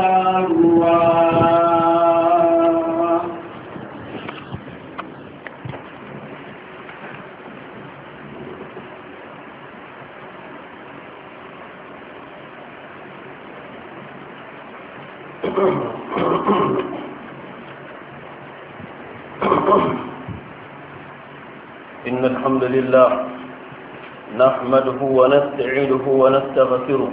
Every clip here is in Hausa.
إن الحمد لله نحمده ونستعينه ونستغفره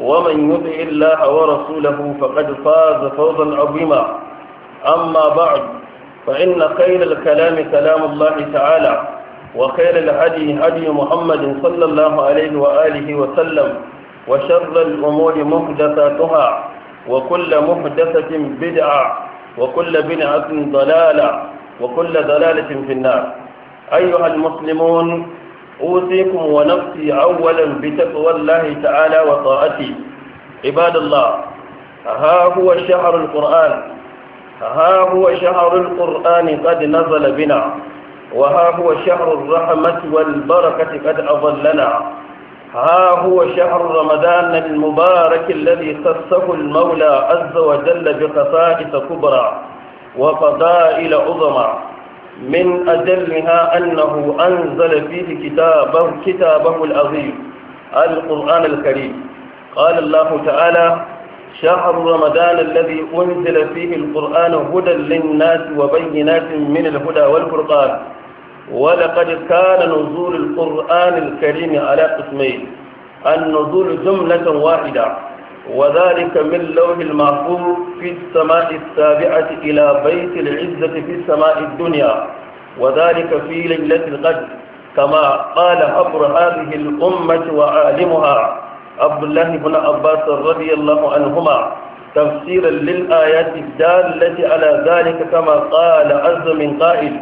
ومن يطع الله ورسوله فقد فاز فوزا عظيما أما بعد فإن خير الكلام كلام الله تعالى وخير الهدي هدي محمد صلى الله عليه وآله وسلم وشر الأمور محدثاتها وكل محدثة بدعة وكل بدعة ضلالة وكل ضلالة في النار أيها المسلمون أوصيكم ونفسي أولا بتقوى الله تعالى وطاعته عباد الله ها هو شهر القرآن ها هو شهر القرآن قد نزل بنا وها هو شهر الرحمة والبركة قد أظلنا ها هو شهر رمضان المبارك الذي خصه المولى عز وجل بخصائص كبرى وفضائل عظمى من أدلها أنه أنزل فيه كتابه, كتابه العظيم القرآن الكريم قال الله تعالى شهر رمضان الذي أنزل فيه القرآن هدى للناس وبينات من الهدى والفرقان ولقد كان نزول القرآن الكريم على قسمين النزول جملة واحدة وذلك من لوح المحفوظ في السماء السابعة إلى بيت العزة في السماء الدنيا وذلك في ليلة القدر كما قال أبر هذه الأمة وعالمها عبد الله بن عباس رضي الله عنهما تفسيرا للآيات الدالة على ذلك كما قال عز من قائل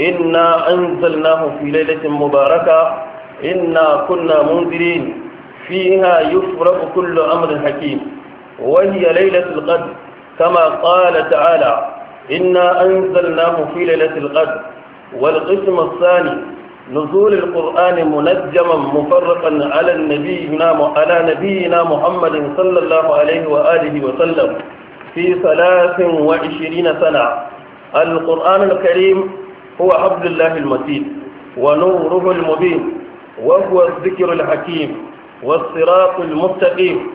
إنا أنزلناه في ليلة مباركة إنا كنا منذرين فيها يفرق كل أمر حكيم وهي ليلة القدر كما قال تعالى إنا أنزلناه في ليلة القدر والقسم الثاني نزول القرآن منجما مفرقا على نبينا على نبينا محمد صلى الله عليه وآله وسلم في ثلاث وعشرين سنة القرآن الكريم هو عبد الله المتين ونوره المبين وهو الذكر الحكيم والصراط المستقيم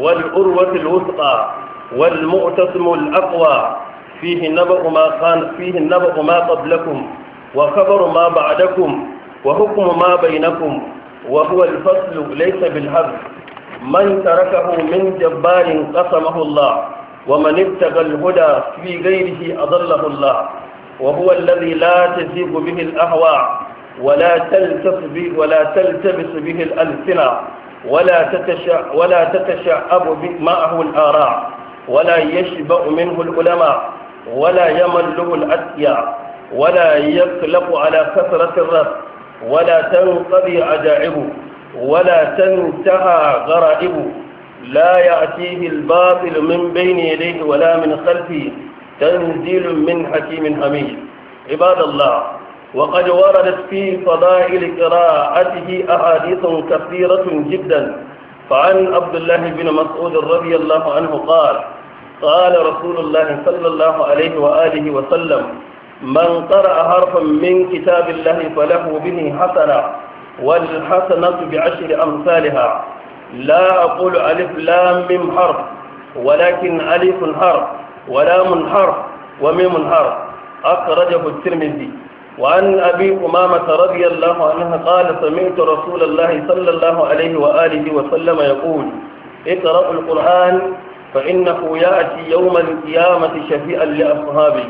والأروة الوثقى والمؤتسم الأقوى فيه نبأ ما كان فيه النبأ ما قبلكم وخبر ما بعدكم وحكم ما بينكم وهو الفصل ليس بالهبل من تركه من جبار قسمه الله ومن ابتغى الهدى في غيره أضله الله وهو الذي لا تزيغ به الأهواء ولا تلتف به ولا تلتبس به الألسنة ولا تتشع ولا تتشعب معه الآراء ولا يشبع منه العلماء ولا يمله الأتيا ولا يقلق على كثرة الرد ولا تنقضي عجائبه ولا تنتهى غرائبه لا يأتيه الباطل من بين يديه ولا من خلفه تنزيل من حكيم حميد عباد الله وقد وردت في فضائل قراءته أحاديث كثيرة جدا فعن عبد الله بن مسعود رضي الله عنه قال قال رسول الله صلى الله عليه وآله وسلم من قرأ حرفا من كتاب الله فله به حسنة والحسنة بعشر أمثالها لا أقول ألف لام ميم حرف ولكن ألف حرف ولام حرف وميم حرف أخرجه الترمذي وعن أبي أمامة رضي الله عنها قال سمعت رسول الله صلى الله عليه وآله وسلم يقول اقرأوا القرآن فإنه يأتي يوم القيامة شفيئا لأصحابه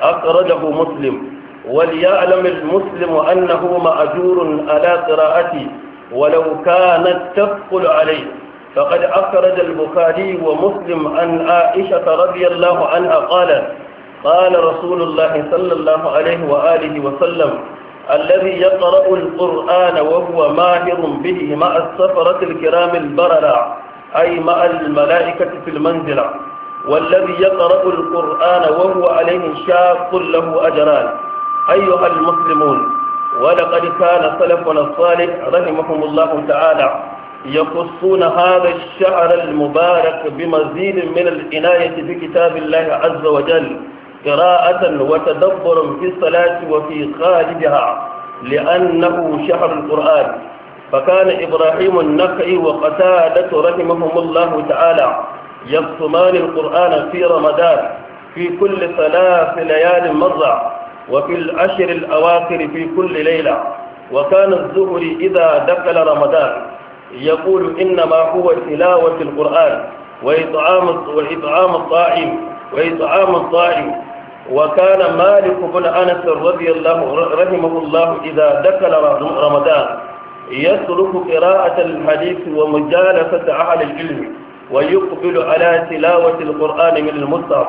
أخرجه مسلم وليعلم المسلم أنه مأجور على قراءته ولو كانت تثقل عليه فقد أخرج البخاري ومسلم عن عائشة رضي الله عنها قالت قال رسول الله صلى الله عليه وآله وسلم الذي يقرأ القرآن وهو ماهر به مع السفرة الكرام البررة أي مع الملائكة في المنزلة والذي يقرأ القرآن وهو عليه شاق له أجران أيها المسلمون ولقد كان سلفنا الصالح رحمهم الله تعالى يقصون هذا الشعر المبارك بمزيد من العناية بكتاب الله عز وجل قراءة وتدبرا في الصلاة وفي خارجها لأنه شهر القرآن فكان إبراهيم النخعي وقتادة رحمهم الله تعالى يقسمان القرآن في رمضان في كل ثلاث ليال مرة وفي العشر الأواخر في كل ليلة وكان الزهري إذا دخل رمضان يقول إنما هو تلاوة القرآن وإطعام وإطعام الطائم وإطعام الطائم وكان مالك بن أنس رضي الله رحمه الله إذا دخل رمضان يترك قراءة الحديث ومجالسة أهل العلم ويقبل على تلاوة القرآن من المصحف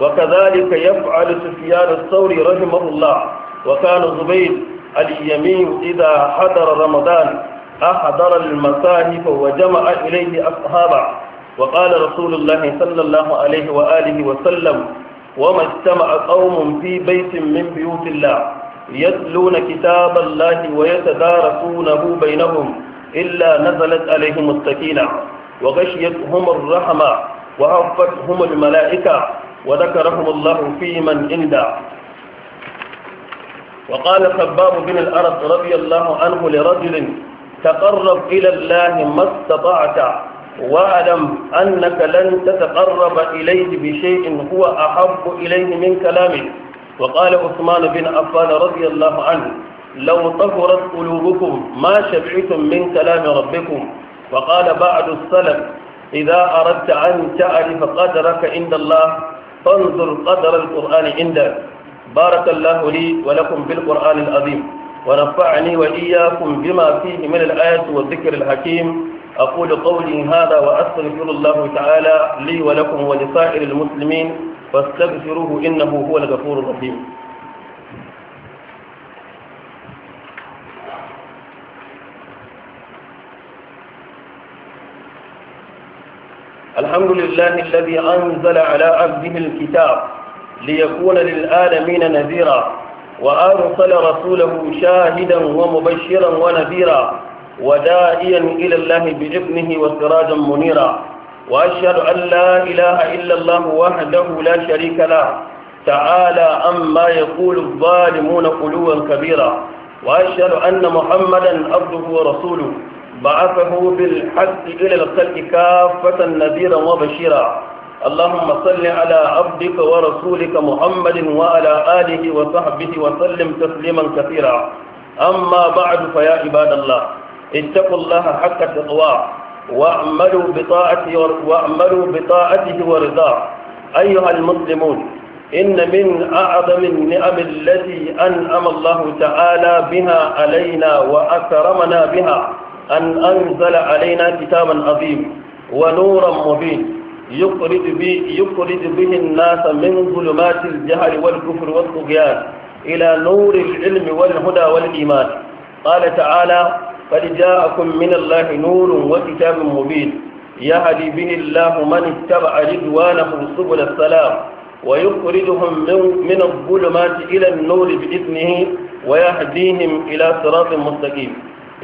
وكذلك يفعل سفيان الثوري رحمه الله وكان زبيد اليمين إذا حضر رمضان أحضر المصاحف وجمع إليه أصحابه وقال رسول الله صلى الله عليه وآله وسلم وما اجتمع قوم في بيت من بيوت الله يتلون كتاب الله ويتدارسونه بينهم إلا نزلت عليهم السكينة وغشيتهم الرحمة وعفتهم الملائكة وذكرهم الله في من عنده وقال خباب بن الأرض رضي الله عنه لرجل تقرب إلى الله ما استطعت واعلم أنك لن تتقرب إليه بشيء هو أحب إليه من كلامه وقال عثمان بن عفان رضي الله عنه لو طهرت قلوبكم ما شبعتم من كلام ربكم وقال بعد السلف إذا أردت أن تعرف قدرك عند الله فانظر قدر القرآن عندك بارك الله لي ولكم بالقرآن العظيم ونفعني وإياكم بما فيه من الآيات والذكر الحكيم أقول قولي هذا وأستغفر الله تعالى لي ولكم ولسائر المسلمين فاستغفروه إنه هو الغفور الرحيم الحمد لله الذي أنزل على عبده الكتاب ليكون للآلمين نذيرا وأرسل رسوله شاهدا ومبشرا ونذيرا وداعيا إلى الله بإذنه وسراجا منيرا وأشهد أن لا إله إلا الله وحده لا شريك له تعالى أما يقول الظالمون قلوا كبيرا وأشهد أن محمدا عبده ورسوله بعثه بالحق إلى الخلق كافة نذيرا وبشيرا اللهم صل على عبدك ورسولك محمد وعلى آله وصحبه وسلم تسليما كثيرا أما بعد فيا عباد الله اتقوا الله حق تقواه واعملوا بطاعته واعملوا بطاعته ورضاه أيها المسلمون إن من أعظم النعم التي أنعم الله تعالى بها علينا وأكرمنا بها أن أنزل علينا كتابا عظيما ونورا مبين يخرج به, يخرج به الناس من ظلمات الجهل والكفر والطغيان إلى نور العلم والهدى والإيمان قال تعالى قد جاءكم من الله نور وكتاب مبين يهدي به الله من اتبع رضوانه سبل السلام ويخرجهم من الظلمات إلى النور بإذنه ويهديهم إلى صراط مستقيم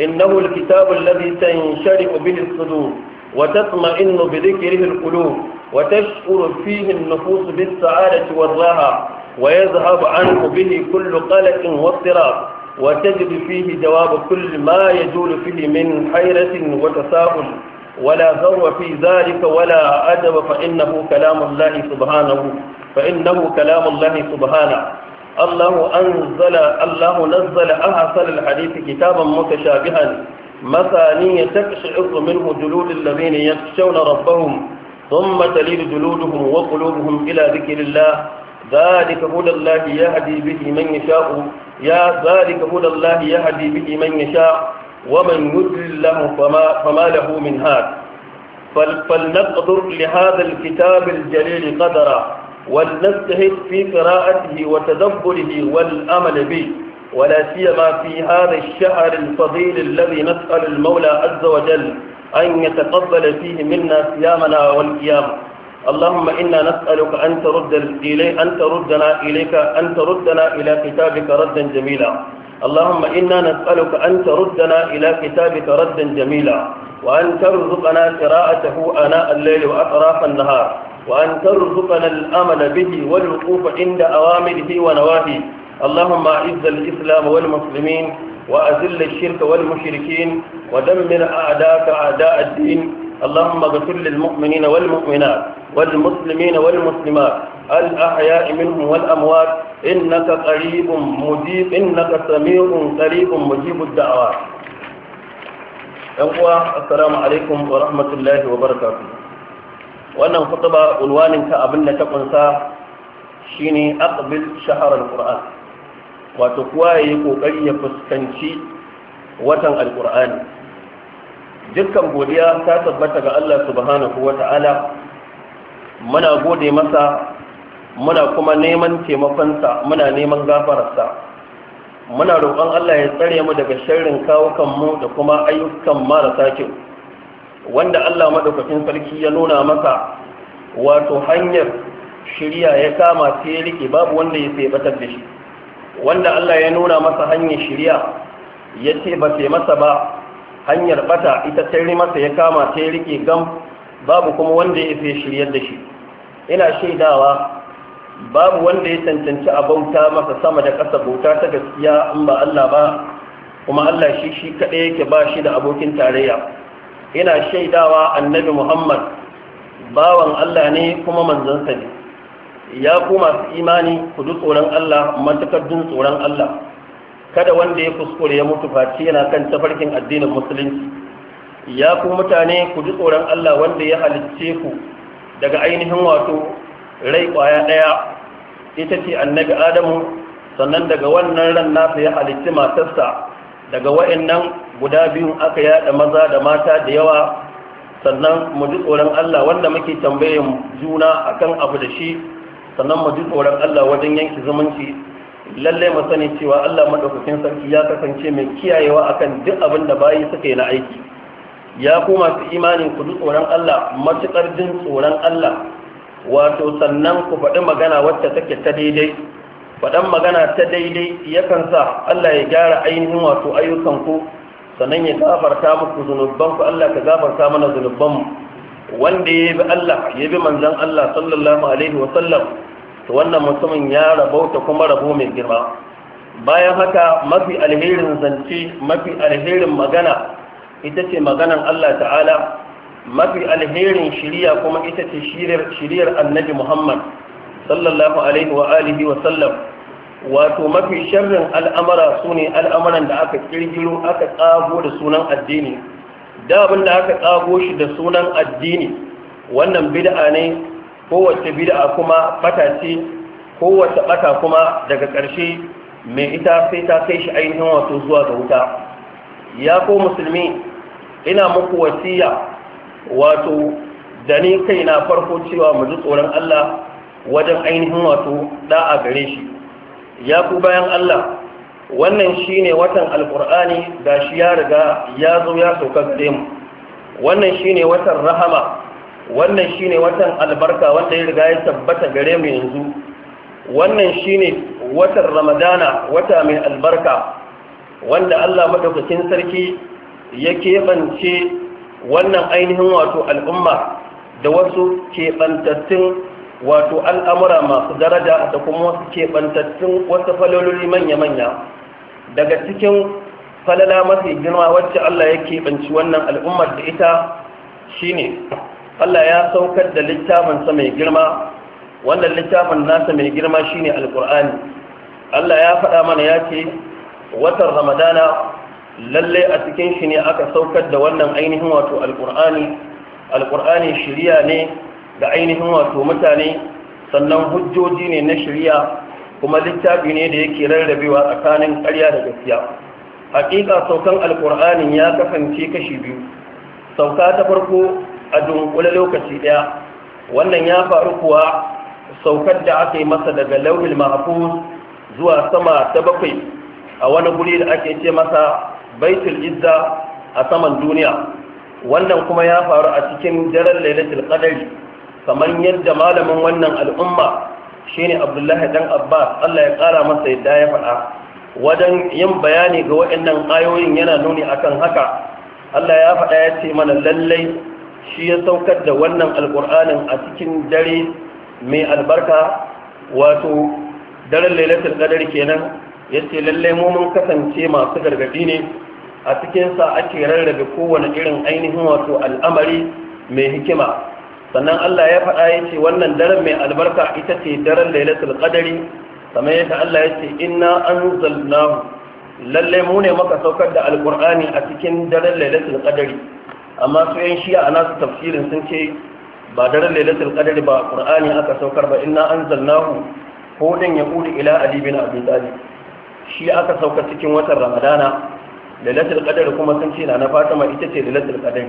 إنه الكتاب الذي تنشرح به الصدور وتطمئن بذكره القلوب وتشعر فيه النفوس بالسعادة والراحة ويذهب عنه به كل قلق واضطراب وتجد فيه جواب كل ما يجول فيه من حيرة وتساؤل ولا ذر في ذلك ولا أدب فإنه كلام الله سبحانه فإنه كلام الله سبحانه الله أنزل الله نزل أحسن الحديث كتابا متشابها مثانية تكشعر منه جلود الذين يخشون ربهم ثم تليل جلودهم وقلوبهم إلى ذكر الله ذلك هدى الله يهدي به من يشاء يا ذلك هدى الله يهدي به من يشاء ومن يضلل له فما, فما له من هاد فلنقدر لهذا الكتاب الجليل قدرا ولنجتهد في قراءته وتدبره والأمل به ولا سيما في هذا الشهر الفضيل الذي نسأل المولى عز وجل أن يتقبل فيه منا صيامنا والقيامة اللهم إنا نسألك أن ترد إلي أن تردنا إليك أن تردنا إلى كتابك ردا جميلا اللهم إنا نسألك أن تردنا إلى كتابك ردا جميلا وأن ترزقنا قراءته آناء الليل وأطراف النهار وأن ترزقنا الأمل به والوقوف عند أوامره ونواهيه اللهم أعز الإسلام والمسلمين وأذل الشرك والمشركين ودمر أعداءك أعداء الدين اللهم اغفر للمؤمنين والمؤمنات والمسلمين والمسلمات الأحياء منهم والأموات إنك قريب مجيب إنك سميع قريب مجيب الدعوات أخوة السلام عليكم ورحمة الله وبركاته وأنا kutuba ألوان abin da ta kunsa shine aqbil shahar يقوى wato kuwa yayi kokari dukkan godiya ta tabbata ga Allah subhanahu ta'ala, muna gode masa muna kuma neman taimakonsa muna neman gafararsa muna roƙon Allah ya tsare mu daga sharrin kawukan mu da kuma ayyukan marasa kyau wanda Allah madaukakin sarki ya nuna masa wato hanyar shirya ya kama ta ya rike babu wanda ya sai batar da shi wanda Allah ya nuna masa hanyar shirya ya ce ba sai masa ba hanyar bata ita tare masa ya kama ta rike gam babu kuma wanda ya fi shiryar da shi ina shaidawa babu wanda ya cancanci a bauta masa sama da ƙasa bauta ta gaskiya in ba Allah ba kuma Allah shi shi kaɗai yake ba shi da abokin tarayya ina shaidawa annabi Muhammad bawan Allah ne kuma manzansa ne ya kuma masu imani ku tsoron Allah matakar tsoron Allah kada wanda ya kuskure ya mutu face yana kan tafarkin addinin musulunci ya ku mutane ku ji tsoron Allah wanda ya halicce ku daga ainihin wato rai kwaya ɗaya. ita ce annabi Adamu sannan daga wannan ran nasa ya halicci matarsa daga wa'annan guda biyun aka yada maza da mata da yawa sannan mu ji tsoron Allah wanda muke tambayin juna akan abu da shi sannan mu ji tsoron Allah wajen yanke zumunci lallai mu sani cewa Allah madaukakin sarki ya kasance mai kiyayewa akan duk abin da bayi suka yi na aiki ya kuma su imanin ku duk tsoron Allah matukar jin tsoron Allah wato sannan ku faɗi magana wacce take ta daidai faɗan magana ta daidai yakan sa Allah ya gyara ainihin wato ayyukan ku sannan ya gafarta muku ku Allah ka gafarta mana mu. wanda ya bi Allah ya bi manzon Allah sallallahu alaihi wa sallam to wannan mutumin ya rabauta kuma rabo mai girma bayan haka mafi alherin zance mafi alherin magana ita ce maganan Allah ta'ala mafi alherin shiriya kuma ita ce shiriyar annabi Muhammad sallallahu alaihi wa alihi wa sallam wato mafi sharrin al'amara su ne al'amaran da aka kirgiro aka tsago da sunan addini da abin da aka tsago shi da sunan addini wannan bid'a ne kowace bid'a kuma bata ce kowace bata kuma daga ƙarshe mai ita sai ta kai shi ainihin wato zuwa ga wuta ya ko musulmi ina muku wasiya wato da ni kai na farko cewa mu ji tsoron Allah wajen ainihin wato da'a gare shi ya ku bayan Allah wannan shine watan alkur'ani gashi ya riga ya zo ya sauka gare mu wannan shine watan rahama wannan shine watan albarka wanda ya riga ya tabbata gare mu yanzu wannan shine watan ramadana wata mai albarka wanda Allah madaukakin sarki ya keɓance wannan ainihin wato al'umma da wasu keɓantattun wato al'amura masu daraja da kuma wasu keɓantattun wasu falololi manya-manya daga cikin falala mafi girma wacce Allah ya keɓanci wannan al'ummar da ita shine Allah ya saukar da littafinsa mai girma wannan littafin nasa mai girma shine alqur'ani Allah ya faɗa mana ya ce watan ramadana lalle a cikin shi ne aka saukar da wannan ainihin wato alqur'ani alqur'ani shiriya ne ga ainihin wato mutane sannan hujjoji ne na shiriya kuma littafi ne da yake rarrabewa tsakanin ƙarya da gaskiya hakika saukan alqur'anin ya kasance kashi biyu sauka ta farko a dunkule lokaci ɗaya wannan ya faru kuwa saukar da aka yi masa daga launin mahfuz zuwa sama ta bakwai a wani guri da ake ce masa baitul izza a saman duniya wannan kuma ya faru a cikin daren lailatul qadari kamar yadda malamin wannan al'umma shine abdullahi dan abbas allah ya kara masa yadda ya faɗa wajen yin bayani ga waɗannan ayoyin yana nuni akan haka allah ya faɗa ya ce mana lallai shi ya saukar da wannan alƙur'anin a cikin dare mai albarka wato daren lailatul qadar kenan yace lalle mu mun kasance masu gargadi ne a cikin sa ake rarrabe kowane irin ainihin wato al'amari mai hikima sannan Allah ya faɗa yace wannan daren mai albarka ita ce daren lailatul qadari kamar yadda Allah yace inna anzalnahu lalle mu ne muka saukar da alqur'ani a cikin daren lailatul qadari amma su yan shi'a a su tafsirin sun ce ba daren lailatul qadr ba qur'ani aka saukar ba inna anzalnahu hudan yaqulu ila ali bin abi talib shi aka saukar cikin watan ramadana lailatul qadr kuma sun ce na fatima ita ce lailatul qadr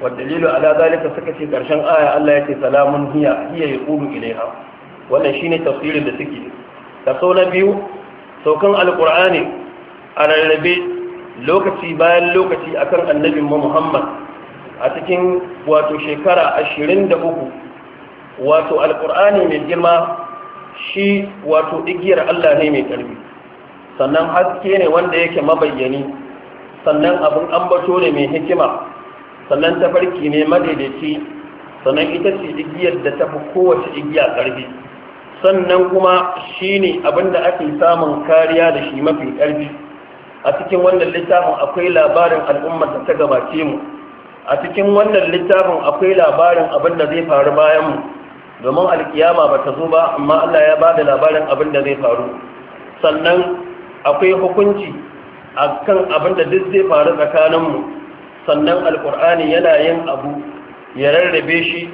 والدليل ce ذلك aya كرشان آية الله يتي سلام هي هي يقول ilaiha wannan shine tafsirin da suke so na biyu saukan alqur'ani a rarrabe lokaci bayan lokaci akan annabin mu Muhammad a cikin wato shekara ashirin da uku wato alƙur'ani mai girma shi wato igiyar Allah ne mai ƙarfi sannan haske ne wanda yake mabayyani sannan abin ambato ne mai hikima sannan tafarki ne madaidaici sannan ita ce igiyar da ta fi kowace igiya ƙarfi sannan kuma shi ne abin da ake samun kariya da shi mafi ƙarfi a cikin wannan littafin akwai labarin al'ummar da ta gabace mu a cikin wannan littafin akwai labarin abin da zai faru bayan mu domin alkiyama ba ta zo ba amma Allah ya bada labarin abin da zai faru sannan akwai hukunci akan abin da duk zai faru tsakanin mu sannan alkur'ani yana yin abu ya rarrabe shi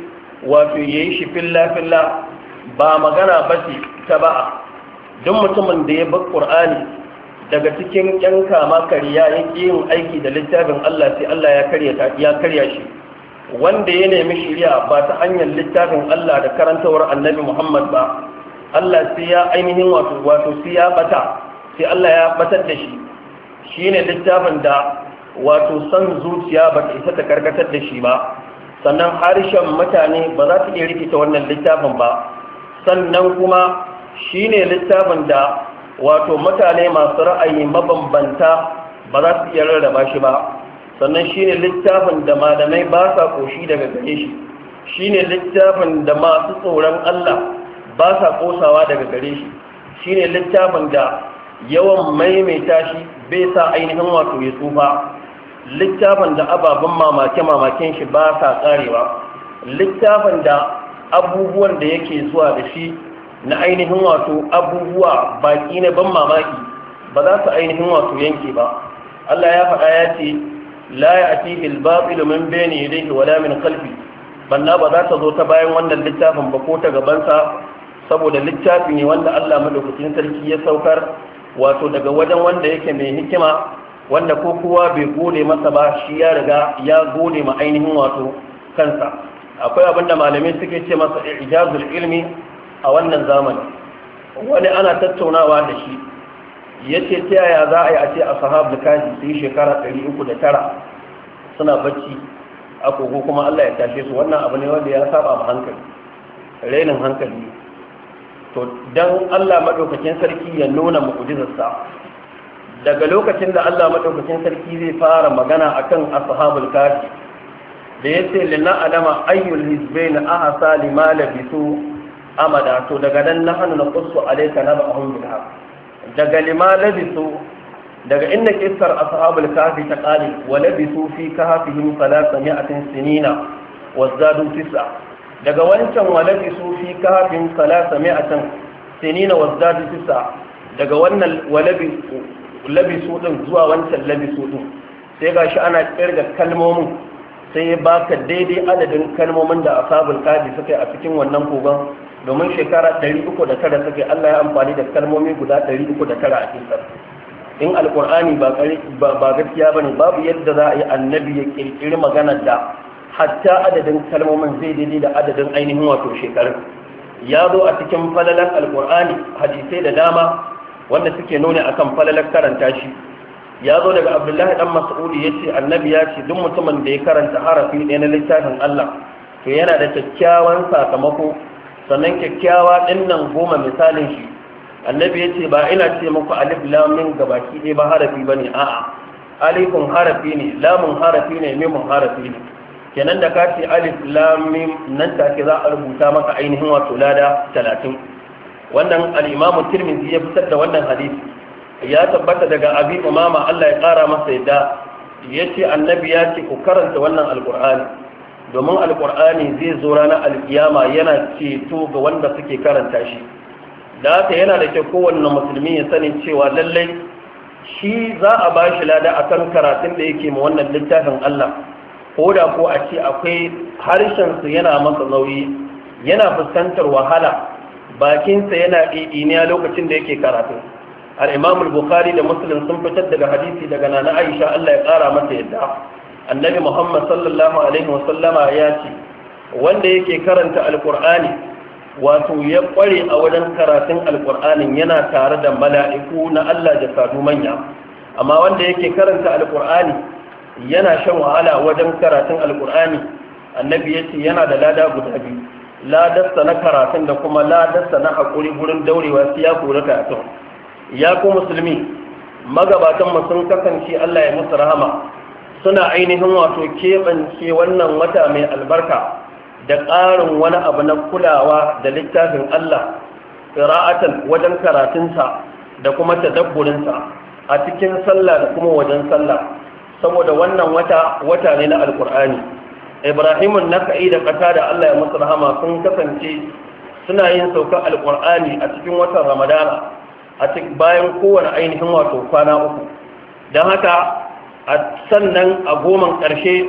wato yayi shi filla filla ba magana ba ce ta ba'a duk mutumin da ya bi qur'ani daga cikin yan kama kariya ya ƙi yin aiki da littafin Allah sai Allah ya karya shi wanda ya nemi shirya ba ta hanyar littafin Allah da karantawar Annabi Muhammad ba Allah sai ya ainihin wato wato sai ya bata sai Allah ya batar da shi shine littafin da wato san zuciya ba ta isa ta karkatar da shi ba sannan harshen mutane ba za ta iya rikita wannan littafin ba sannan kuma shi ne littafin da wato mutane masu ra'ayi mabambanta ba za su iya rarraba shi ba sannan shine littafin da malamai ba sa koshi daga gare shi shine littafin da masu tsoron Allah ba sa kosawa daga gare shi shine littafin da yawan maimaita shi bai sa ainihin wato ya tsufa littafin da ababen mamake-mamaken shi ba sa karewa littafin da abubuwan da yake zuwa da shi na ainihin wato abubuwa baki na ban mamaki ba za su ainihin wato yanke ba Allah ya faɗa ya ce la ya'tihi al-batil min ya dake wala min kalfi banna ba za ta zo ta bayan wannan littafin ba ko ta gabansa saboda littafi ne wanda Allah madaukakin sarki ya saukar wato daga wajen wanda yake mai hikima wanda ko kowa bai gode masa ba shi ya riga ya gode ma ainihin wato kansa akwai abinda malamai suke ce masa ijazul ilmi a wannan zamani wani ana tattaunawa da shi ya ce ta yaya za a yi a ce a sahab da kashi sai shekara 309 suna bacci a kogo kuma Allah ya tashe su wannan abu ne wanda ya saba ma hankali rainin hankali to don Allah maɗaukacin sarki ya nuna mu'jizarsa daga lokacin da Allah maɗaukacin sarki zai fara magana akan sahabar kashi da ya ce lina adama ayyul hizbain ahsa lima labisu amada to daga nan na hannu na kusu alaika na ba'ahun bil haq daga lima labisu daga inda kissar ashabul kafi ta qali wa labisu fi kahfihim mi'atin sinina zadu tis'a daga wancan wa labisu fi kahfihim mi'atin sinina zadu tis'a daga wannan wa labisu din zuwa wancan labisu din sai gashi ana kirga kalmomin sai ya baka daidai adadin kalmomin da ashabul kafi suka yi a cikin wannan kogon domin shekara 309 suke Allah ya amfani da kalmomi guda 309 a kisar in alkur'ani ba gaskiya ba ne. babu yadda za a yi annabi ya kirkiri magana da hatta adadin kalmomin zai daidai da adadin ainihin wato shekaru ya zo a cikin falalar alkur'ani hadisai da dama wanda suke nuna akan falalar karanta shi ya zo daga abdullahi dan mas'udi ya ce annabi ya ce duk mutumin da ya karanta harafi ɗaya na littafin allah to yana da kyakkyawan sakamako sannan kyakkyawa ɗin nan goma misalin shi annabi ya ce ba ina ce muku alif lamin baki ɗaya ba harafi ba ne a'a alifin harafi ne lamun harafi ne mimun harafi ne kenan da ka ce alif lamim nan take za a rubuta maka ainihin wato lada talatin wannan al'imamu tirmidhi ya fitar da wannan hadisi ya tabbata daga abi umama Allah ya kara masa yadda ya ce annabi ya ce ku karanta wannan alkur'ani domin alkur'ani zai zo ranar alkiyama yana ceto ga wanda suke karanta shi da haka yana da kyau kowanne musulmi ya sani cewa lallai shi za a ba shi lada akan karatun da yake ma wannan littafin Allah ko da ko a ce akwai harshensu yana masa nauyi yana fuskantar wahala bakinsa yana ɗiɗiniya lokacin da yake karatu al-imam bukhari da muslim sun fitar daga hadisi daga nana aisha Allah ya ƙara mata yadda annabi muhammad sallallahu alaihi wasallama ya ce wanda yake karanta alkur'ani wato ya kware a wajen karatun alkur'anin yana tare da mala'iku na allah da sadu manya amma wanda yake karanta alkur'ani yana shan wahala wajen karatun alkur'ani annabi ya ce yana da lada guda biyu ladarsa na karatun da kuma ladarsa na haƙuri gurin daurewa su ya kori karatun ya ku musulmi magabatan mu sun kasance allah ya musu rahama suna ainihin wato keɓance wannan wata mai albarka da ƙarin wani abu na kulawa da littafin Allah ra'atan wajen karatunsa da kuma tadabburinsa a cikin sallah da kuma wajen sallah saboda wannan wata wata ne na alkur'ani ibrahimun naka'i da ƙasa da Allah ya musu rahama sun kasance suna yin saukar alkur'ani a cikin watan ramadana a cikin bayan kowane ainihin wato kwana uku don haka a sannan a goman ƙarshe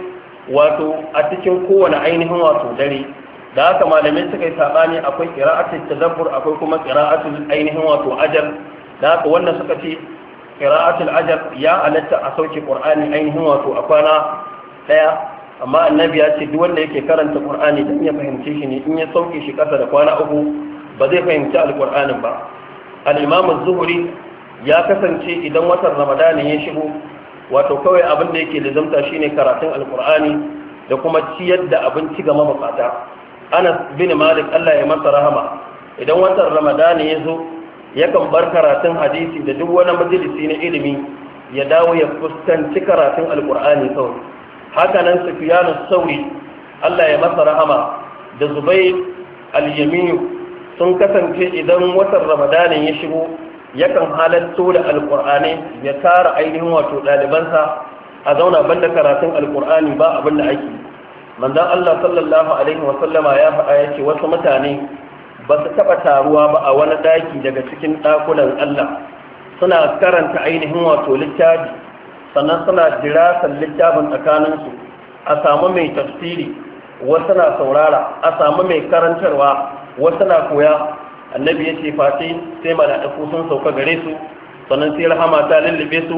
wato a cikin kowane ainihin wato dare da haka malamai suka yi saɓani akwai ƙira'atul tadabbur akwai kuma ƙira'atul ainihin wato ajal da haka wannan suka ce ƙira'atul ajal ya halatta a sauke ƙur'ani ainihin wato a kwana ɗaya amma annabi ya ce duk wanda yake karanta qur'ani dan ya fahimce shi ne in ya sauke shi kasa da kwana uku ba zai fahimci alqur'anin ba al-imam zuhri ya kasance idan watan ramadani ya shigo wato kawai abin da yake lizamta shine karatun alkur'ani da kuma ciyar da abinci ga mabukata anas bin malik allah ya masa rahama idan watan ramadani ya zo yakan bar karatun hadisi da duk wani majalisi na ilimi ya dawo ya fuskanci karatun alkur'ani kawai haka nan sufiyanu sauri allah ya masa rahama da zubair al sun kasance idan watan ramadani ya shigo yakan halatto da alƙur'ani ya tara ainihin wato ɗalibansa a zauna banda karatun alkur'ani ba abin da ake manzan Allah sallallahu alaihi wa sallama ya faɗa ya ce wasu mutane ba su taɓa taruwa ba a wani ɗaki daga cikin ɗakunan Allah suna karanta ainihin wato littafi sannan suna jirasan littafin tsakaninsu a samu mai tafsiri wasu na saurara a samu mai karantarwa wasu na koya annabi ya ce face sai mala'iku sun sauka gare su sannan sai rahama ta lullube su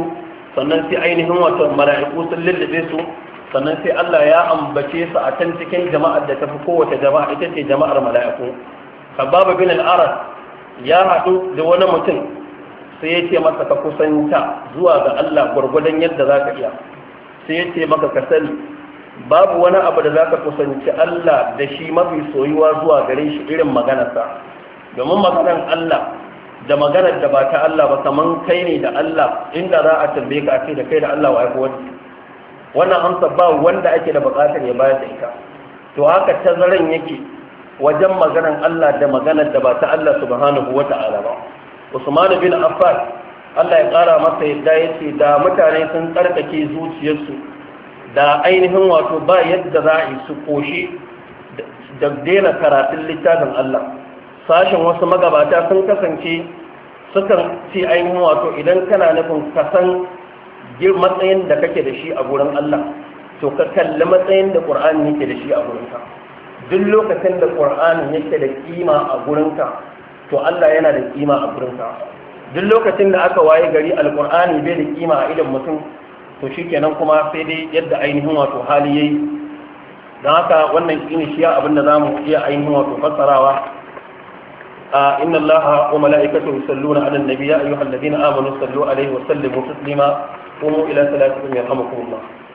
sannan sai ainihin wato mala'iku sun lullube su sannan sai Allah ya ambace su a can cikin jama'ar da tafi kowace jama'a ita ce jama'ar mala'iku kababa bin al-aras ya haɗu da wani mutum sai ya ce masa ka kusanta zuwa ga Allah gurgudan yadda za ka iya sai ya ce maka ka sani babu wani abu da za ka kusanci Allah da shi mafi soyuwa zuwa gare shi irin maganarsa domin maganar Allah da maganar da ba ta Allah ba kaman kai ne da Allah inda za a tambaye ka a ce da kai da Allah wa aiko wani wannan amsa ba wanda ake da buƙatar ya bayar da ita to haka tazaran yake wajen maganar Allah da maganar da ba ta Allah subhanahu ta'ala ba Usman bin Affan Allah ya ƙara masa yadda yace da mutane sun tsarkake zuciyarsu da ainihin wato ba yadda za a yi su koshi da daina karatun littafin Allah sashen wasu magabata sun kasance sukan ce ainihin wato idan kana nufin kasan matsayin da kake da shi a gurin Allah to ka kalli matsayin da ƙur'ani yake da shi a gurin ka. duk lokacin da ƙur'ani yake da kima a gurin ka, to Allah yana da kima a gurin ka. duk lokacin da aka waye gari alqur'ani bai da kima a idan mutum to shikenan kuma sai dai yadda ainihin wato hali yayi don haka wannan shine shi abin da zamu iya ainihin wato fassarawa إن الله وملائكته يصلون على النبي يا أيها الذين آمنوا صلوا عليه وسلموا تسليما قوموا إلى صلاتكم يرحمكم الله